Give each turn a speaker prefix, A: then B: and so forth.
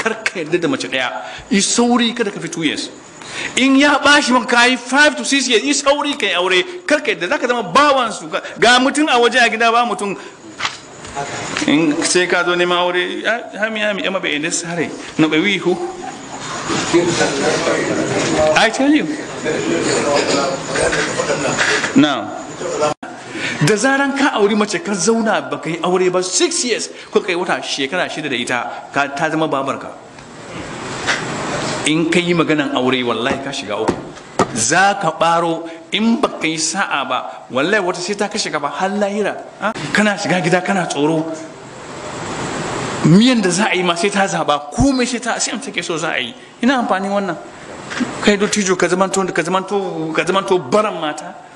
A: kar ka yarda da mace daya yi sauri kada ka fi two years in ya bashi maka kayi 5 to 6 years yi sauri kai aure kar ka yarda zaka zama bawan su ga mutum a waje a gida ba
B: mutum in sai ka zo neman aure ah, hami hami amma bai yarda sare no bai wi hu
C: I tell you.
A: Now, da zaran ka auri mace ka zauna ba ka yi aure ba 6 years ko kai wata shekara shida da ita ka ta zama babarka in ka yi maganan aure wallahi ka shiga uku za ka baro in ba ka yi sa'a ba wallahi wata sai ta kashe ka ba har lahira ah, kana shiga gida kana tsoro miyan da za a yi ma sai ta zaba komai sai ta sai take so za a yi ina amfani wannan kai dottijo ka zamanto ka zamanto
D: ka zamanto baran mata